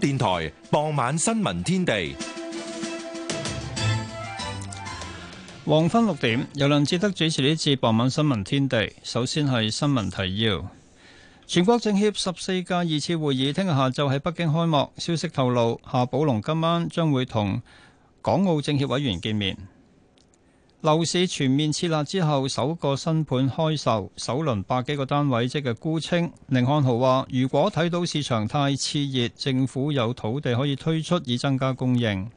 電台傍晚新聞天地，黃昏六點由梁智德主持呢次傍晚新聞天地。首先係新聞提要：全國政協十四屆二次會議聽日下晝喺北京開幕。消息透露，夏寶龍今晚將會同港澳政協委員見面。樓市全面撤辣之後，首個新盤開售，首輪百幾個單位即係沽清。甯漢豪話：如果睇到市場太熾熱，政府有土地可以推出以增加供應。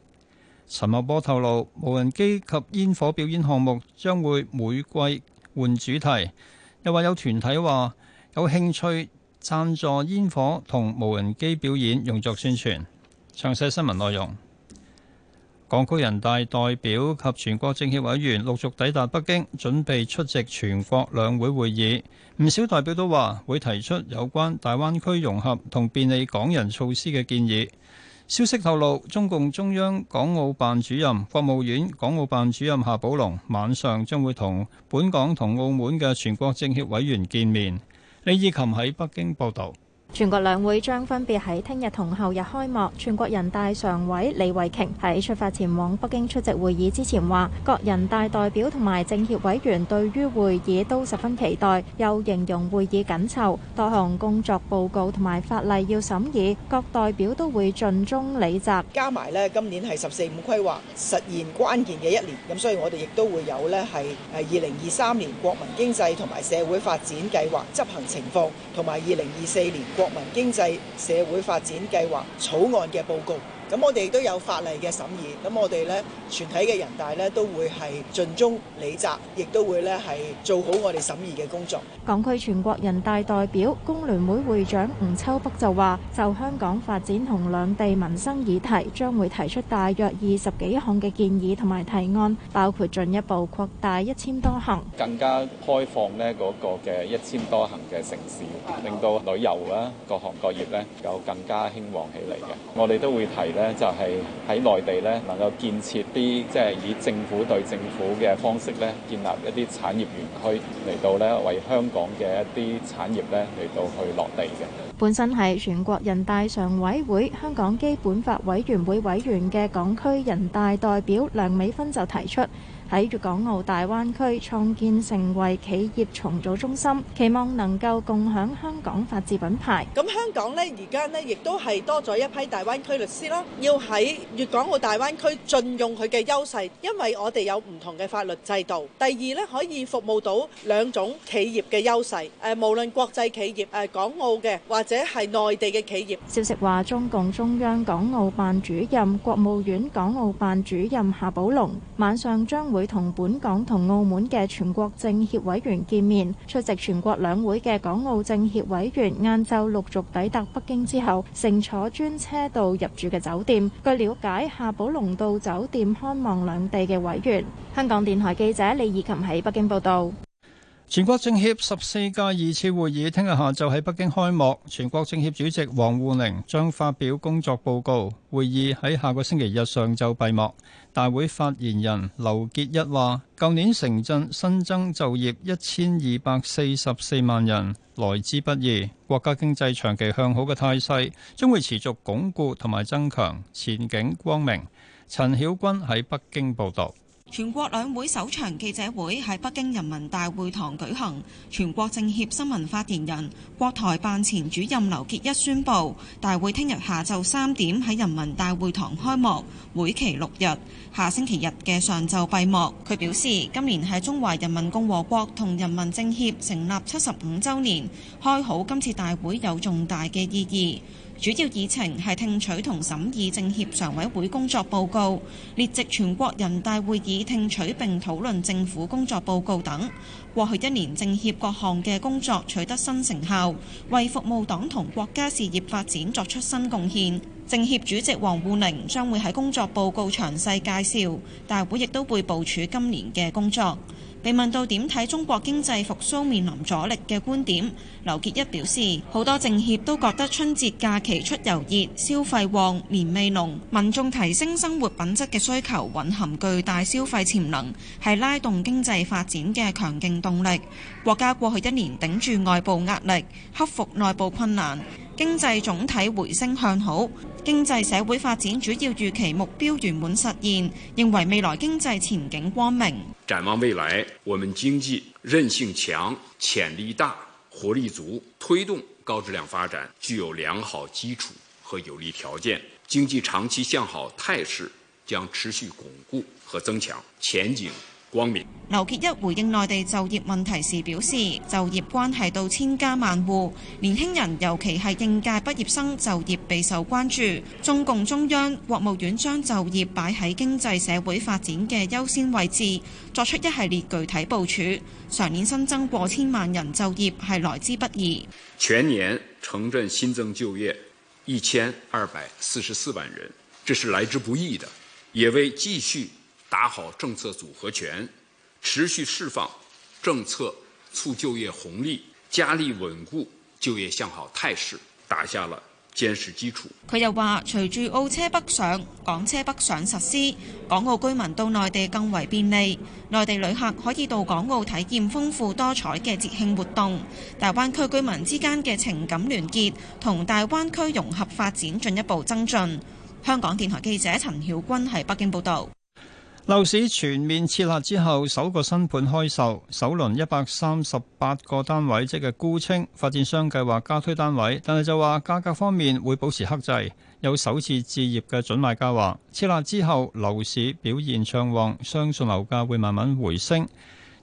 陳茂波透露，無人機及煙火表演項目將會每季換主題。又話有團體話有興趣贊助煙火同無人機表演用作宣傳。詳細新聞內容。港區人大代表及全國政協委員陸續抵達北京，準備出席全國兩會會議。唔少代表都話會提出有關大灣區融合同便利港人措施嘅建議。消息透露，中共中央港澳辦主任、國務院港澳辦主任夏寶龍晚上將會同本港同澳門嘅全國政協委員見面。李以琴喺北京報道。全國兩會將分別喺聽日同後日開幕。全國人大常委李慧瓊喺出發前往北京出席會議之前，話各人大代表同埋政協委員對於會議都十分期待，又形容會議緊湊，多項工作報告同埋法例要審議，各代表都會盡忠履責。加埋呢，今年係十四五規劃實現關鍵嘅一年，咁所以我哋亦都會有呢係誒二零二三年國民經濟同埋社會發展計劃執行情況同埋二零二四年國民經濟社會發展計劃草案嘅報告。咁我哋亦都有法例嘅審議，咁我哋咧，全體嘅人大咧都會係盡忠履責，亦都會咧係做好我哋審議嘅工作。港區全國人大代表、工聯會會長吳秋北就話：就香港發展同兩地民生議題，將會提出大約二十幾項嘅建議同埋提案，包括進一步擴大一千多行，更加開放咧嗰個嘅一千多行嘅城市，令到旅遊啦各行各業咧有更加興旺起嚟嘅。我哋都會提咧。咧就係喺內地咧，能夠建設啲即係以政府對政府嘅方式咧，建立一啲產業園區嚟到咧，為香港嘅一啲產業咧嚟到去落地嘅。本身係全國人大常委會香港基本法委員會委員嘅港區人大代表梁美芬就提出。喺粵港澳大灣區創建成為企業重組中心，期望能夠共享香港法治品牌。咁香港咧，而家咧亦都係多咗一批大灣區律師啦，要喺粵港澳大灣區盡用佢嘅優勢，因為我哋有唔同嘅法律制度。第二咧，可以服務到兩種企業嘅優勢，誒無論國際企業，誒港澳嘅，或者係內地嘅企業。消息話，中共中央港澳辦主任、國務院港澳辦主任夏寶龍晚上將會同本港同澳門嘅全國政協委員見面，出席全國兩會嘅港澳政協委員晏晝陸續抵達北京之後，乘坐專車到入住嘅酒店。據了解，夏寶龍到酒店看望兩地嘅委員。香港電台記者李以琴喺北京報道。全國政協十四屆二次會議聽日下晝喺北京開幕，全國政協主席王滬寧將發表工作報告。會議喺下個星期日上晝閉幕。大會發言人劉結一話，舊年城鎮新增就業一千二百四十四萬人，來之不易。國家經濟長期向好嘅態勢將會持續鞏固同埋增強，前景光明。陳曉君喺北京報道。全國兩會首場記者會喺北京人民大會堂舉行。全國政協新聞發言人、國台辦前主任劉結一宣布，大會聽日下晝三點喺人民大會堂開幕，會期六日，下星期日嘅上晝閉幕。佢表示，今年係中華人民共和國同人民政協成立七十五週年，開好今次大會有重大嘅意義。主要議程係聽取同審議政協常委會工作報告，列席全國人大會議聽取並討論政府工作報告等。過去一年，政協各項嘅工作取得新成效，為服務黨同國家事業發展作出新貢獻。政協主席王滬寧將會喺工作報告詳細介紹，大會亦都會部署今年嘅工作。被問到點睇中國經濟復甦面臨阻力嘅觀點，劉傑一表示：好多政協都覺得春節假期出遊熱、消費旺、年味濃，民眾提升生活品質嘅需求，蘊含巨大消費潛能，係拉動經濟發展嘅強勁動力。國家過去一年頂住外部壓力，克服內部困難。經濟總體回升向好，經濟社會發展主要預期目標圓滿實現，認為未來經濟前景光明。展望未來，我們經濟韌性強、潛力大、活力足，推動高質量發展具有良好基礎和有利條件，經濟長期向好態勢將持續鞏固和增強。前景。劉傑一回應內地就業問題時表示，就業關係到千家萬戶，年輕人尤其係應屆畢業生就業備受關注。中共中央、國務院將就業擺喺經濟社會發展嘅優先位置，作出一系列具體部署。常年新增過千萬人就業係來之不易。全年城鎮新增就業一千二百四十四萬人，這是來之不易的，也為繼續。打好政策組合拳，持續釋放政策促就業紅利，加力穩固就業向好態勢打下了堅實基礎。佢又話，隨住澳車北上、港車北上實施，港澳居民到內地更為便利，內地旅客可以到港澳體驗豐富多彩嘅節慶活動，大灣區居民之間嘅情感聯結同大灣區融合發展進一步增進。香港電台記者陳曉君喺北京報道。樓市全面撤辣之後，首個新盤開售，首輪一百三十八個單位，即係沽清。發展商計劃加推單位，但係就話價格方面會保持克制。有首次置業嘅準買家話，撤辣之後樓市表現暢旺，相信樓價會慢慢回升。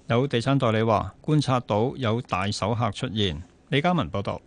有地產代理話，觀察到有大手客出現。李嘉文報道，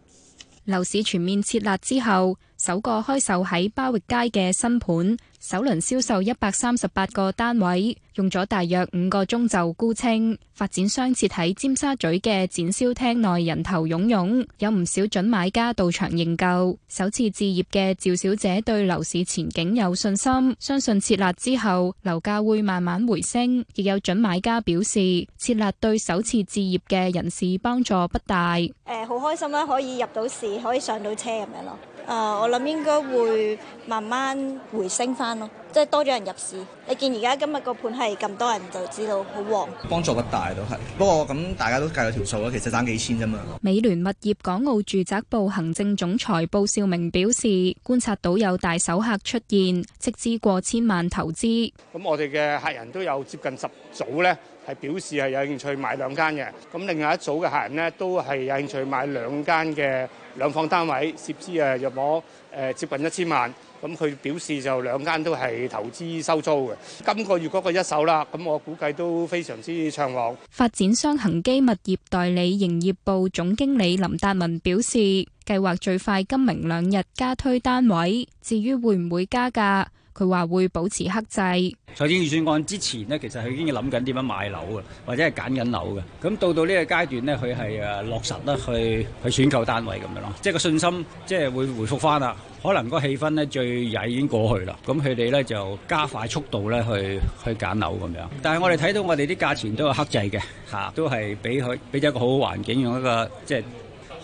樓市全面撤辣之後。首個開售喺巴域街嘅新盤，首輪銷售一百三十八個單位，用咗大約五個鐘就沽清。發展商設喺尖沙咀嘅展銷廳內人頭湧湧，有唔少準買家到場認購。首次置業嘅趙小姐對樓市前景有信心，相信撤辣之後樓價會慢慢回升。亦有準買家表示，撤辣對首次置業嘅人士幫助不大。誒、呃，好開心啦，可以入到市，可以上到車咁樣咯。誒，uh, 我諗應該會慢慢回升翻咯。即係多咗人入市，你見而家今日個盤係咁多人，就知道好旺。幫助不大都係，不過咁大家都計咗條數啦，其實爭幾千啫嘛。美聯物業港澳住宅部行政總裁布少明表示，觀察到有大手客出現，涉資過千萬投資。咁我哋嘅客人都有接近十組咧，係表示係有興趣買兩間嘅。咁另外一組嘅客人咧，都係有興趣買兩間嘅兩房單位，涉資誒入夥誒接近一千萬。咁佢表示就兩間都係投資收租嘅，今個月嗰個一手啦，咁我估計都非常之暢旺。發展商恆基物業代理營業部總經理林達文表示，計劃最快今明兩日加推單位，至於會唔會加價？佢話會保持克制。財政預算案之前呢，其實佢已經要諗緊點樣買樓啊，或者係揀緊樓嘅。咁到到呢個階段呢，佢係誒落實呢去去選購單位咁樣咯。即係個信心，即係會回復返啦。可能個氣氛呢，最曳已經過去啦。咁佢哋呢就加快速度呢去去揀樓咁樣。但係我哋睇到我哋啲價錢都係克制嘅，吓都係俾佢俾咗一個好好環境，用一個即係。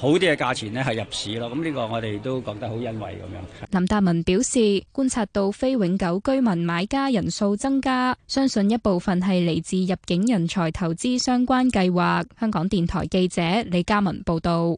好啲嘅價錢咧，係入市咯。咁呢個我哋都覺得好欣慰咁樣。林達文表示，觀察到非永久居民買家人數增加，相信一部分係嚟自入境人才投資相關計劃。香港電台記者李嘉文報道。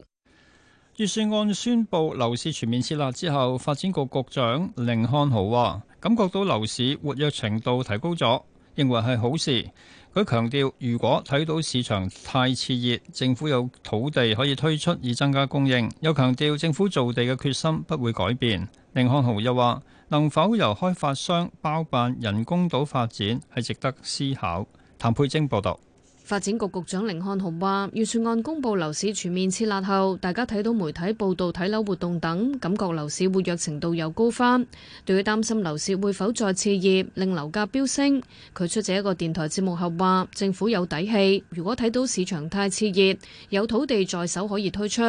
預算案宣布樓市全面撤辣之後，發展局局長寧漢豪話，感覺到樓市活躍程度提高咗，認為係好事。佢強調，如果睇到市場太熾熱，政府有土地可以推出以增加供應。又強調政府造地嘅決心不會改變。甯漢豪又話：能否由開發商包辦人工島發展係值得思考。譚佩晶報道。發展局局長甯漢豪話：預算案公布樓市全面撤辣後，大家睇到媒體報道睇樓活動等，感覺樓市活躍程度又高返。對於擔心樓市會否再次熾熱，令樓價飆升，佢出席一個電台節目後話：政府有底氣，如果睇到市場太熾熱，有土地在手可以推出。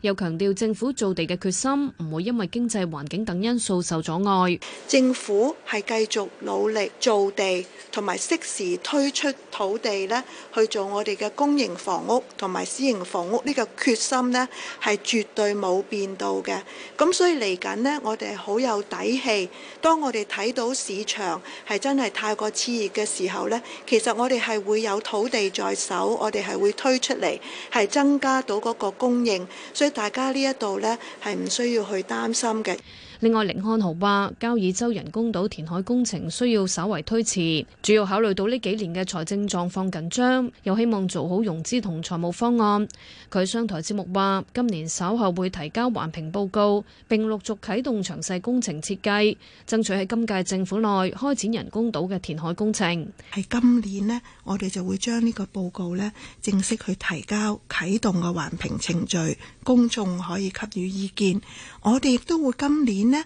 又強調政府造地嘅決心唔會因為經濟環境等因素受阻礙。政府係繼續努力造地，同埋適時推出土地咧去。做我哋嘅公營房屋同埋私營房屋呢個決心咧，係絕對冇變到嘅。咁所以嚟緊咧，我哋好有底氣，當我哋睇到市場係真係太過熾熱嘅時候咧，其實我哋係會有土地在手，我哋係會推出嚟，係增加到嗰個供應，所以大家呢一度咧係唔需要去擔心嘅。另外，甯漢豪話，交椅洲人工島填海工程需要稍為推遲，主要考慮到呢幾年嘅財政狀況緊張，又希望做好融資同財務方案。佢商台節目話，今年稍後會提交環評報告，並陸續啟動詳細工程設計，爭取喺今屆政府內開展人工島嘅填海工程。係今年呢，我哋就會將呢個報告呢正式去提交，啟動嘅環評程序，公眾可以給予意見。我哋亦都會今年。呢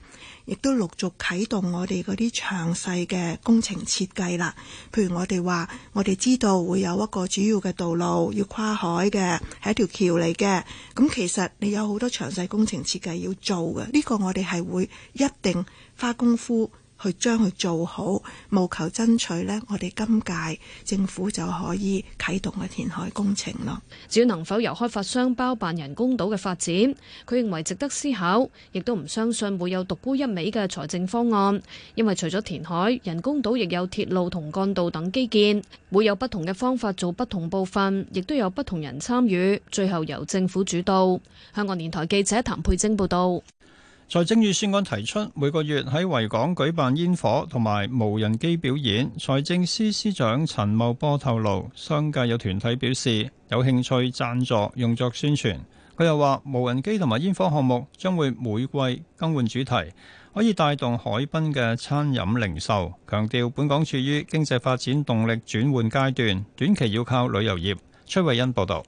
亦都陸續啟動我哋嗰啲詳細嘅工程設計啦。譬如我哋話，我哋知道會有一個主要嘅道路要跨海嘅，係一條橋嚟嘅。咁其實你有好多詳細工程設計要做嘅，呢個我哋係會一定花功夫。去將佢做好，務求爭取呢，我哋今屆政府就可以啟動嘅填海工程咯。至於能否由開發商包辦人工島嘅發展，佢認為值得思考，亦都唔相信會有獨沽一味嘅財政方案，因為除咗填海，人工島亦有鐵路同幹道等基建，會有不同嘅方法做不同部分，亦都有不同人參與，最後由政府主導。香港電台記者譚佩晶報道。財政預算案提出每個月喺維港舉辦煙火同埋無人機表演。財政司司長陳茂波透露，商界有團體表示有興趣贊助用作宣傳。佢又話，無人機同埋煙火項目將會每季更換主題，可以帶動海濱嘅餐飲零售。強調本港處於經濟發展動力轉換階段，短期要靠旅遊業。崔慧欣報導。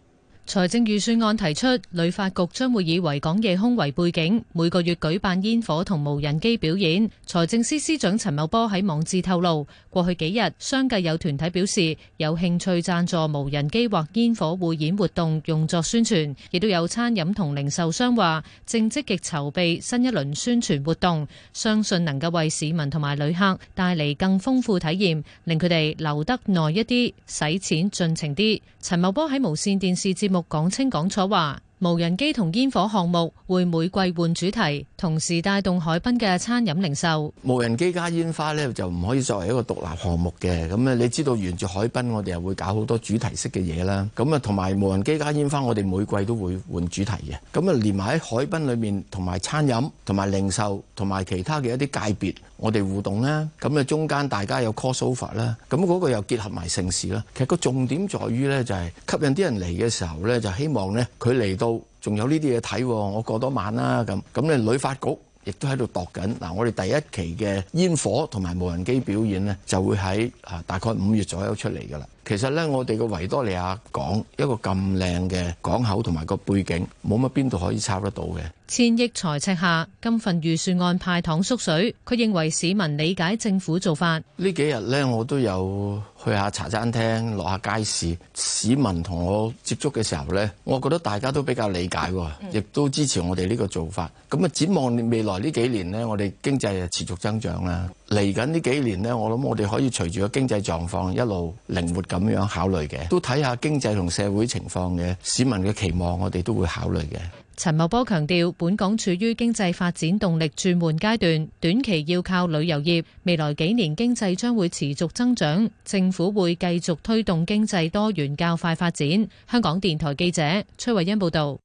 財政預算案提出，旅發局將會以維港夜空為背景，每個月舉辦煙火同無人機表演。財政司司長陳茂波喺網誌透露，過去幾日相繼有團體表示有興趣贊助無人機或煙火匯演活動用作宣傳，亦都有餐飲同零售商話正積極籌備新一輪宣傳活動，相信能夠為市民同埋旅客帶嚟更豐富體驗，令佢哋留得耐一啲，使錢盡情啲。陳茂波喺無線電視節目講清講楚話，無人機同煙火項目會每季換主題，同時帶動海濱嘅餐飲零售。無人機加煙花呢，就唔可以作為一個獨立項目嘅，咁啊你知道沿住海濱我哋又會搞好多主題式嘅嘢啦。咁啊同埋無人機加煙花，我哋每季都會換主題嘅。咁啊連埋喺海濱裏面，同埋餐飲、同埋零售、同埋其他嘅一啲界別。我哋互動啦，咁啊中間大家有 crossover 啦，咁嗰個又結合埋盛事啦。其實個重點在於咧、就係，就係吸引啲人嚟嘅時候咧，就希望咧佢嚟到仲有呢啲嘢睇，我過多晚啦咁。咁咧旅發局亦都喺度度緊。嗱，我哋第一期嘅煙火同埋無人機表演咧，就會喺啊大概五月左右出嚟噶啦。其實咧，我哋個維多利亞港一個咁靚嘅港口同埋個背景，冇乜邊度可以抄得到嘅。千億財赤下，今份預算案派糖縮水，佢認為市民理解政府做法。呢幾日呢，我都有去下茶餐廳，落下下街市，市民同我接觸嘅時候呢，我覺得大家都比較理解，亦都支持我哋呢個做法。咁啊，展望未來呢幾年呢，我哋經濟持續增長啦。嚟緊呢幾年咧，我諗我哋可以隨住個經濟狀況一路靈活咁樣考慮嘅，都睇下經濟同社會情況嘅市民嘅期望，我哋都會考慮嘅。陳茂波強調，本港處於經濟發展動力轉換階段，短期要靠旅遊業，未來幾年經濟將會持續增長，政府會繼續推動經濟多元較快發展。香港電台記者崔慧欣報道。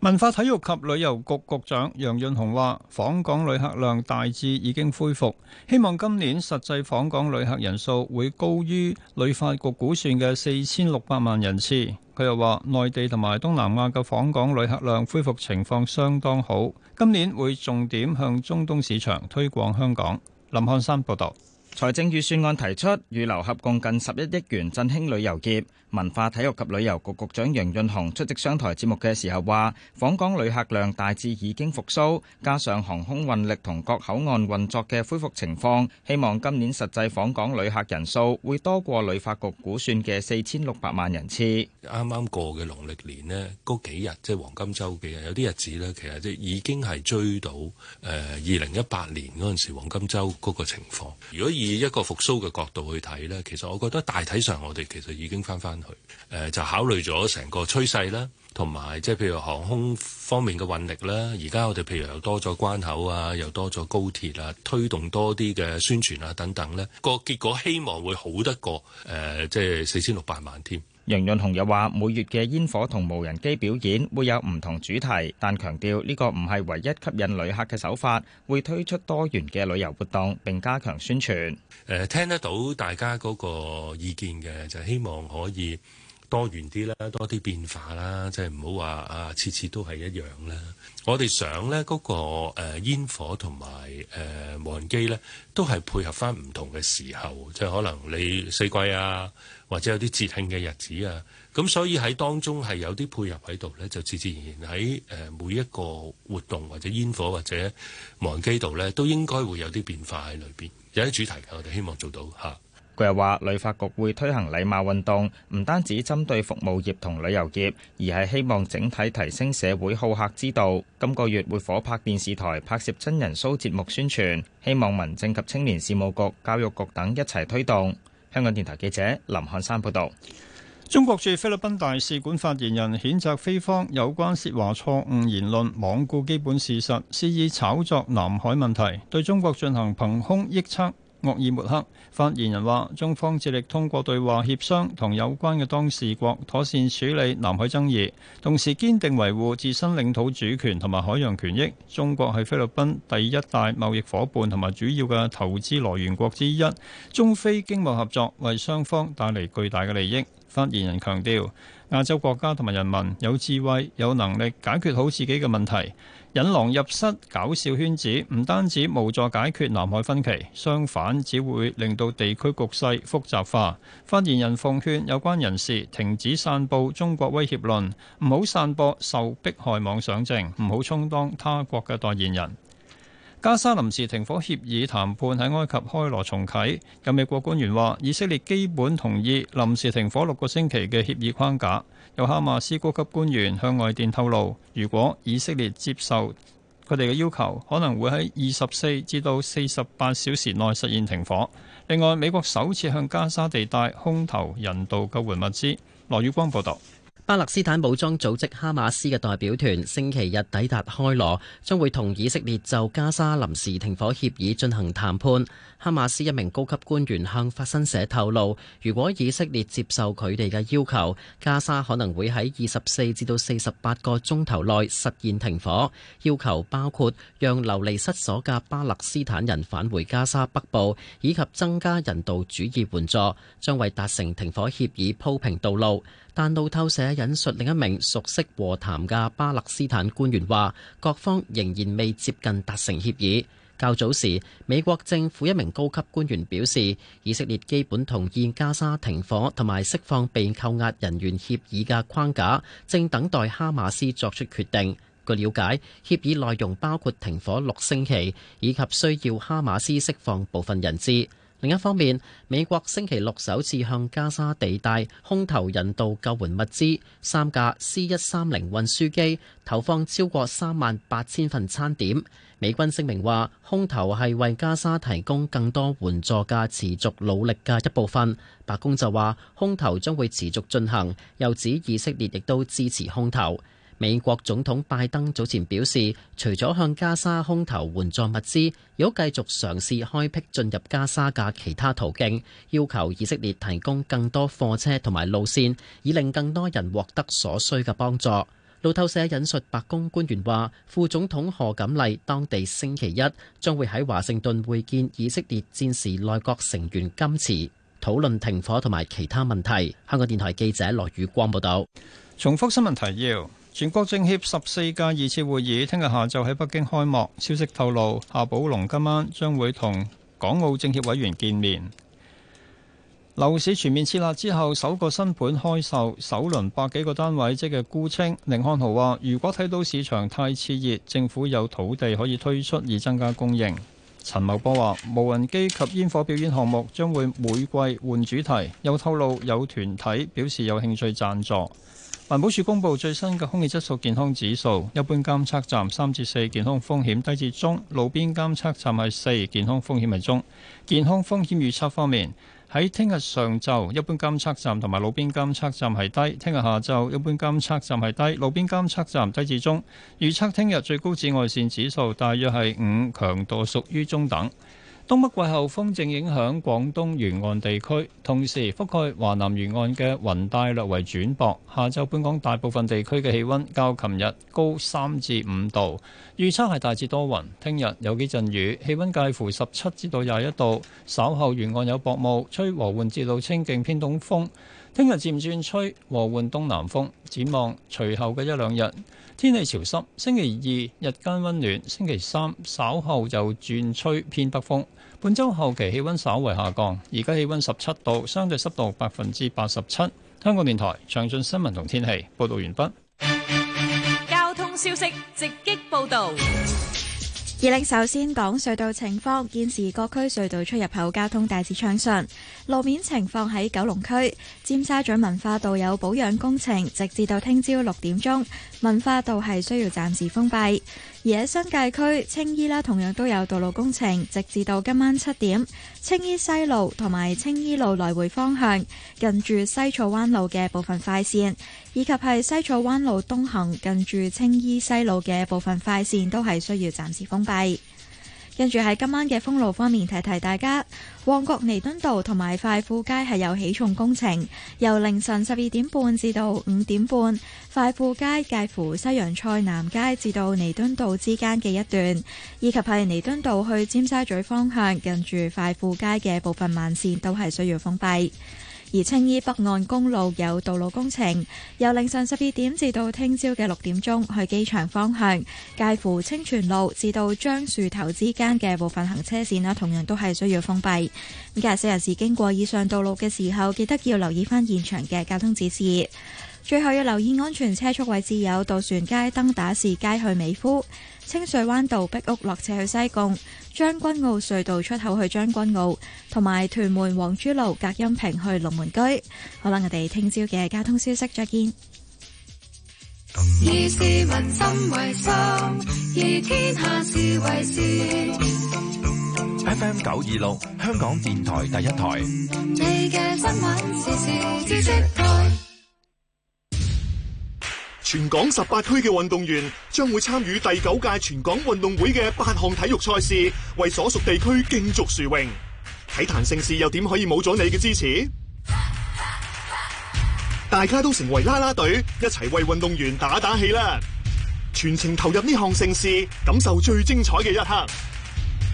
文化體育及旅遊局局長楊潤雄話：訪港旅客量大致已經恢復，希望今年實際訪港旅客人數會高於旅發局估算嘅四千六百萬人次。佢又話：內地同埋東南亞嘅訪港旅客量恢復情況相當好，今年會重點向中東市場推廣香港。林漢山報導。財政預算案提出預留合共近十一億元振興旅遊業。文化體育及旅遊局局長楊潤雄出席商台節目嘅時候話，訪港旅客量大致已經復甦，加上航空運力同各口岸運作嘅恢復情況，希望今年實際訪港旅客人數會多過旅發局估算嘅四千六百萬人次。啱啱過嘅農曆年呢，嗰幾日即係黃金周嘅日，有啲日子呢，其實即係已經係追到誒二零一八年嗰陣時黃金周嗰個情況。如果以以一個復甦嘅角度去睇呢，其實我覺得大體上我哋其實已經翻翻去，誒、呃、就考慮咗成個趨勢啦，同埋即係譬如航空方面嘅運力啦，而家我哋譬如又多咗關口啊，又多咗高鐵啊，推動多啲嘅宣傳啊等等呢，這個結果希望會好得過誒、呃，即係四千六百萬添。楊潤雄又話：每月嘅煙火同無人機表演會有唔同主題，但強調呢個唔係唯一吸引旅客嘅手法，會推出多元嘅旅遊活動，並加強宣傳。誒，聽得到大家嗰個意見嘅，就希望可以。多元啲啦，多啲變化啦，即係唔好話啊，次次都係一樣啦。我哋想呢嗰個誒煙火同埋誒無人機呢，都係配合翻唔同嘅時候，即係可能你四季啊，或者有啲節慶嘅日子啊，咁所以喺當中係有啲配合喺度呢，就自自然然喺誒每一個活動或者煙火或者無人機度呢，都應該會有啲變化喺裏邊，有啲主題嘅，我哋希望做到嚇。佢又話：旅發局會推行禮貌運動，唔單止針對服務業同旅遊業，而係希望整體提升社會好客之道。今個月會火拍電視台拍攝真人 show 節目宣傳，希望民政及青年事務局、教育局等一齊推動。香港電台記者林漢山報道。中國駐菲律賓大使館發言人譴責菲方有關涉華錯誤言論，罔顧基本事實，肆意炒作南海問題，對中國進行憑空臆測。惡意抹黑，發言人話：中方致力通過對話協商同有關嘅當事國妥善處理南海爭議，同時堅定維護自身領土主權同埋海洋權益。中國係菲律賓第一大貿易伙伴同埋主要嘅投資來源國之一，中菲經貿合作為雙方帶嚟巨大嘅利益。發言人強調：亞洲國家同埋人民有智慧、有能力解決好自己嘅問題。引狼入室、搞笑圈子，唔單止無助解決南海分歧，相反只會令到地區局勢複雜化。發言人奉勸有關人士停止散布中國威脅論，唔好散播受迫害妄想症，唔好充當他國嘅代言人。加沙臨時停火協議談判喺埃及開羅重啟，有美國官員話，以色列基本同意臨時停火六個星期嘅協議框架。由哈馬斯高級官員向外電透露，如果以色列接受佢哋嘅要求，可能會喺二十四至到四十八小時內實現停火。另外，美國首次向加沙地帶空投人道救援物資。羅宇光報道。巴勒斯坦武裝組織哈馬斯嘅代表團星期日抵達開羅，將會同以色列就加沙臨時停火協議進行談判。哈馬斯一名高級官員向法新社透露，如果以色列接受佢哋嘅要求，加沙可能會喺二十四至到四十八個鐘頭內實現停火。要求包括讓流離失所嘅巴勒斯坦人返回加沙北部，以及增加人道主義援助，將為達成停火協議鋪平道路。但路透社引述另一名熟悉和談嘅巴勒斯坦官員話：各方仍然未接近達成協議。較早時，美國政府一名高級官員表示，以色列基本同意加沙停火同埋釋放被扣押人員協議嘅框架，正等待哈馬斯作出決定。據了解，協議內容包括停火六星期，以及需要哈馬斯釋放部分人質。另一方面，美國星期六首次向加沙地帶空投人道救援物資，三架 C 一三零運輸機投放超過三萬八千份餐點。美軍聲明話，空投係為加沙提供更多援助嘅持續努力嘅一部分。白宮就話，空投將會持續進行，又指以色列亦都支持空投。美國總統拜登早前表示，除咗向加沙空投援助物資，如果繼續嘗試開闢進入加沙嘅其他途徑，要求以色列提供更多貨車同埋路線，以令更多人獲得所需嘅幫助。路透社引述白宮官員話，副總統賀錦麗當地星期一將會喺華盛頓會見以色列戰時內閣成員金池，討論停火同埋其他問題。香港電台記者羅宇光報道。重複新聞提要。全國政協十四屆二次會議聽日下晝喺北京開幕。消息透露，夏寶龍今晚將會同港澳政協委員見面。樓市全面撤辣之後，首個新盤開售，首輪百幾個單位即嘅沽清。寧漢豪話：如果睇到市場太熾熱，政府有土地可以推出以增加供應。陳茂波話：無人機及煙火表演項目將會每季換主題，又透露有團體表示有興趣讚助。環保署公布最新嘅空氣質素健康指數，一般監測站三至四健康風險低至中，路邊監測站係四健康風險係中。健康風險預測方面，喺聽日上晝一般監測站同埋路邊監測站係低，聽日下晝一般監測站係低，路邊監測站低至中。預測聽日最高紫外線指數大約係五，強度屬於中等。東北季候風正影響廣東沿岸地區，同時覆蓋華南沿岸嘅雲帶略為轉薄。下晝本港大部分地區嘅氣溫較琴日高三至五度。預測係大致多雲，聽日有幾陣雨，氣溫介乎十七至到廿一度。稍後沿岸有薄霧，吹和緩至到清勁偏東風。聽日漸轉吹和緩東南風，展望隨後嘅一兩日天氣潮濕。星期二日間溫暖，星期三稍後又轉吹偏北風。本周後期氣溫稍為下降，而家氣溫十七度，相對濕度百分之八十七。香港電台詳盡新聞同天氣報道完畢。交通消息直擊報道。二零，首先講隧道情況，現時各區隧道出入口交通大致暢順。路面情況喺九龍區，尖沙咀文化道有保養工程，直至到聽朝六點鐘，文化道係需要暫時封閉。而喺新界區青衣啦，同樣都有道路工程，直至到今晚七點。青衣西路同埋青衣路來回方向，近住西草灣路嘅部分快線，以及係西草灣路東行近住青衣西路嘅部分快線，都係需要暫時封閉。跟住喺今晚嘅封路方面，提提大家，旺角彌敦道同埋快富街係有起重工程，由凌晨十二點半至到五點半，快富街介乎西洋菜南街至到彌敦道之間嘅一段，以及係彌敦道去尖沙咀方向，近住快富街嘅部分慢線都係需要封閉。而青衣北岸公路有道路工程，由凌晨十二點至到聽朝嘅六點鐘，去機場方向介乎清泉路至到樟樹頭之間嘅部分行車線啦，同樣都係需要封閉。咁駕駛人士經過以上道路嘅時候，記得要留意翻現場嘅交通指示。最後要留意安全車速位置，有渡船街登打士街去美孚、清水灣道壁屋落車去西貢、將軍澳隧道出口去將軍澳，同埋屯門黃珠路隔音屏去龍門居。好啦，我哋聽朝嘅交通消息再見。以市民心為心，以天下事為事。F M 九二六， 26，香港電台第一台。 你嘅新聞時事知識台。全港十八區嘅運動員將會參與第九屆全港運動會嘅八項體育賽事，為所屬地區競逐殊榮。體壇盛事又點可以冇咗你嘅支持？大家都成為啦啦隊，一齊為運動員打打氣啦！全程投入呢項盛事，感受最精彩嘅一刻。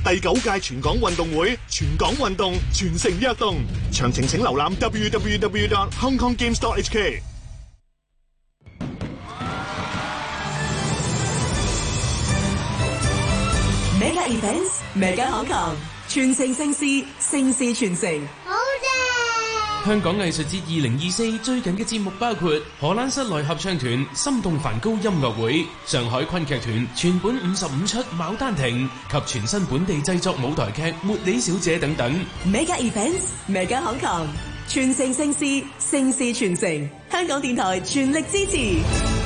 第九屆全港運動會，全港運動，全城躍動。詳情請瀏覽 www.hongkonggames.hk。mega event 傳承盛事，盛事傳承。好嘅棒，香港藝術節二零二四最近嘅節目包括荷蘭室內合唱團《心動梵高》音樂會、上海昆劇團全本五十五出《牡丹亭》及全新本地製作舞台劇《茉莉小姐》等等。mega event，mega 康強，傳承盛事，盛事傳承。香港電台全力支持。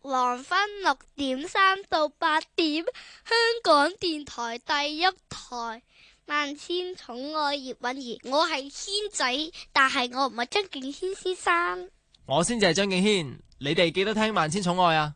黃昏六點三到八點，香港電台第一台《萬千寵愛葉韻儀》。我係軒仔，但係我唔係張敬軒先生。我先至係張敬軒。你哋記得聽《萬千寵愛》啊！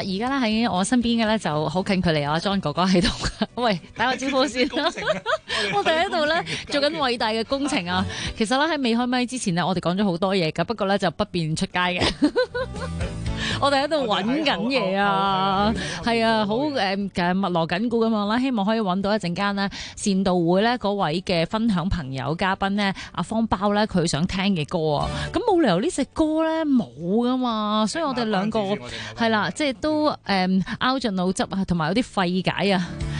而家咧喺我身邊嘅咧就好近距離啊，John 哥哥喺度，喂，打個招呼先啦。我哋喺度咧做緊偉大嘅工程啊。其實咧喺未開咪之前咧，我哋講咗好多嘢噶，不過咧就不便出街嘅。 我哋喺度揾緊嘢啊，係啊，好誒誒密鑼緊鼓咁樣啦，希望可以揾到一陣間咧善導會咧嗰位嘅分享朋友嘉賓咧，阿方包咧佢想聽嘅歌啊，咁冇理由呢隻歌咧冇㗎嘛，所以我哋兩個係啦，即係都誒拗盡腦汁啊，同埋有啲費解啊。